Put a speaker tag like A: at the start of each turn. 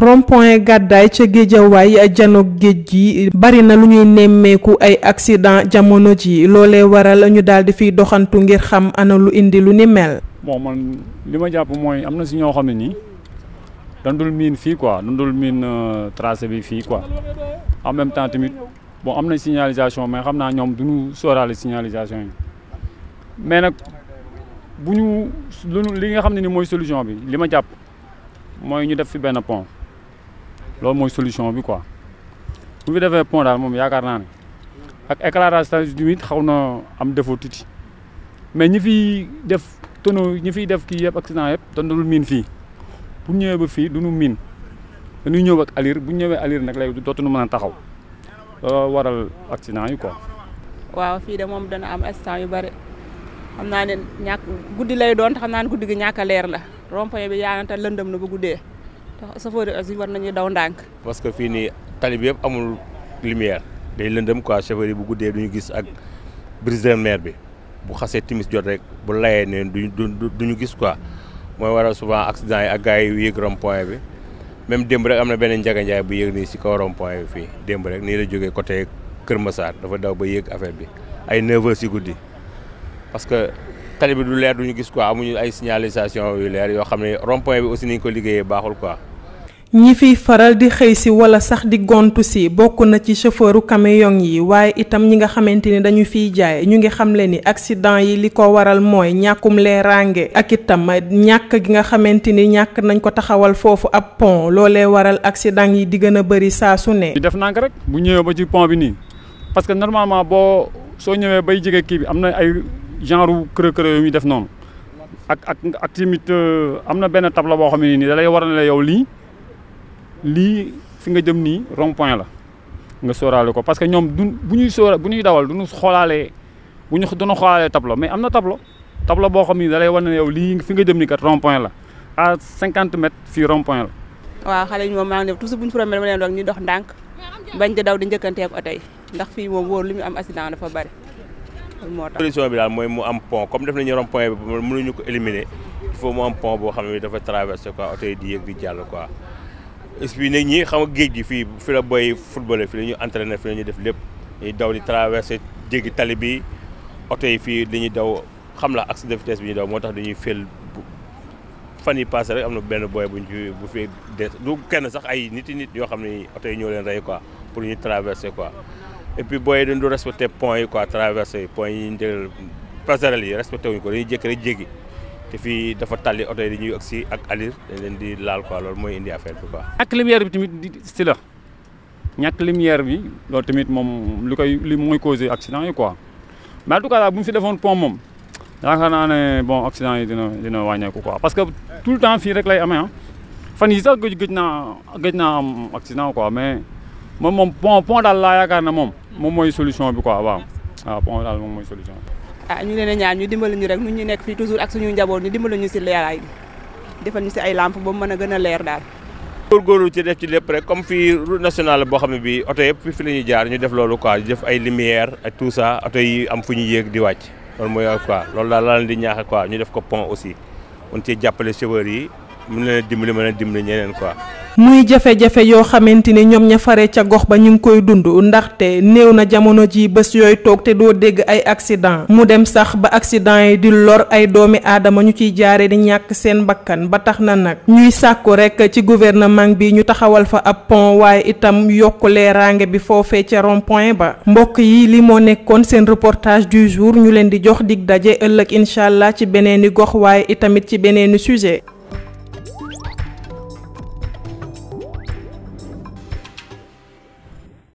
A: rond-point gàddaay ca géejawaay janoog géej gi bari na lu ñuy nemmeeku ay accident jamono ji loolee waral ñu daal di fiy doxantu ngir xam ana lu indi lu ni mel.
B: bon man li ma jàpp mooy am na si xam ne nii fii quoi dandul miin euh, tracé bi fii quoi en même temps tamit bon am na signalisation mais xam naa ñoom du ñu sóoraale yi mais nag bu ñu li nga xam ne ni mooy solution bi li ma jàpp mooy ñu def fi benn pont. loolu mooy solution bi quoi bu fi defee pont daal moom yaakaar naa ne ak éclairage tamit xaw na am défaut tuuti mais ñi fiy def tonneau ñi fiy def kii yëpp accident yëpp dundul miin fii bu ñëwee ba fii du ñu miin dañuy ñëw ak alir bu ñëwee alir nag lay dootuñu mën a taxaw loolu waral accident yi quoi.
C: waaw fii de moom dana am accident yu bari xam naa ne ñàkk guddi lay doon te xam naa ne guddi gi ñàkk leer la rond-point bi yaa na te lëndëm na ba guddee. chauffeur yi aussi war nañu daw ndànk.
D: parce que fii nii tali bi yëpp amul lumière day lëndëm quoi chauffeur bu guddee ñu gis ak brise maire bi bu xasee timis jot rek bu layee ne du ñu gis quoi mooy waral souvent accident ak gars yi yéeg rond point bi même démb rek am na benn njaganjaay bu yéeg nii si kaw point bi fii demb rek nii la jógee côté Kër Massar dafa daw ba yéeg affaire bi ay 9 heures si guddi parce que tali bi du leer duñu gis quoi amuñu ay signalisation yu leer yoo xam ne rond point bi aussi ni ñu ko liggéeyee baaxul quoi.
A: ñi fiy faral di xëy si wala sax di gontu si bokk na ci chauffeuru camion yi waaye itam ñi nga xamante ni dañu fiy jaay ñu ngi xamle ni accident yi li ko waral mooy ñàkkum leeraange ak itam ñàkk gi nga xamante ni ñàkk nañ ko taxawal
B: foofu ab pont loolee waral accident yi di gën a bëri saa su ne. def naa ko rek bu ñëwee ba ci pont bi nii parce que normalement boo soo ñëwee bay jege kii bi am na ay genre kërë kërë yu muy def noonu ak ak ak tamit euh, am na benn tableau boo xam ne nii da lay waral yow lii. lii fi nga jëm nii rond point la nga sóoraale ko parce que ñoom du bu ñuy sóora bu ñuy dawal du ñu xoolaalee bu ñu doon xoolaalee tableau mais am na tableau tableau boo xam ni da lay wan ne yow lii fi nga jëm nii kat rond point la à cinquante mètres fii rond point la.
C: waaw xale yi moom maa ngi def toujours bu ñu promé ma leen doon ñu dox ndànk bañ di daw di njëkkanteeg oto yi ndax fii moom wóor lu ñu am accident dafa bari moo tax.
D: solution bi daal mooy mu am pont comme def nañu rond point bi mënuñu ko éliminer il faut mu am pont boo xam ne dafa traversé quoi oto yi di yëg di jàll quoi. expliqué nag ñi xam nga géej gi fii fi la boy footballé fi la ñuy entraîné fi la ñuy def lépp dañuy daw di traversé jéggi tali bi oto yi fii dañuy daw xam la accès de bi ñuy daw moo tax dañuy fel fan yi passé rek am na benn boy buñ ci bu fi des du kenn sax ay nit nit yoo xam ne oto yi ñoo leen rey quoi pour ñu traversé quoi et puis booy dañ du respecté point yi quoi traversé point yi ñu jël passerelle yi respecté ko dañuy jékki rek jéggi te fii dafa tàlli oto yi dañuy agsi ak alir dañ leen di laal quoi loolu mooy indi affaire bi quoi.
B: ñàkk lumière bi tamit si la ñàkk lumière bi loolu tamit moom lu koy li mooy causé accident yi quoi mais en tout cas daal bu ñu fi defoon pont moom yaakaar naa ne bon accident yi dina dina wàññeeku quoi parce que tout le temps fii rek lay amee ah. fan yi sax gëj gëj naa gëj naa am accident mais moom moom pont pont daal laa yaakaar na moom moom mooy solution bi quoi waaw waaw pont daal moom mooy solution
C: ah ñu leen a ñaan ñu dimbali ñu rek nu ñu nekk fii toujours ak suñu njaboot ñu dimbali ñu si leeraay defal ñu si ay lamp ba mu mën a gën a leer daal.
D: góorgóorlu ci def ci lépp rek comme fii route nationale boo xam ne bi oto yëpp fi la ñuy jaar ñu def loolu quoi def ay lumière ak tout ça oto yi am fu ñu yéeg di wàcc loolu mooy quoi loolu daal la leen di ñaax quoi ñu def ko pont aussi on cee jàppale chauffeur yi. mën na leen dimbali
A: muy jafe-jafe yoo xamante ni ñoom ña fare ca gox ba ñu ngi koy dund ndaxte néew na jamono ji bés yooy toog te doo dégg ay accident mu dem sax ba accident yi di lor ay doomi aadama ñu ciy jaare di ñàkk seen mbakkan ba tax na nag ñuy sàkku rekk ci gouvernement bi ñu taxawal fa ab pont waaye itam yokku leeraange bi foofee ca rompoint ba mbokk yi li moo nekkoon seen reportage du jour ñu leen di jox digg daje ëllëg incha allah ci beneeni gox waaye itamit ci beneeni sujet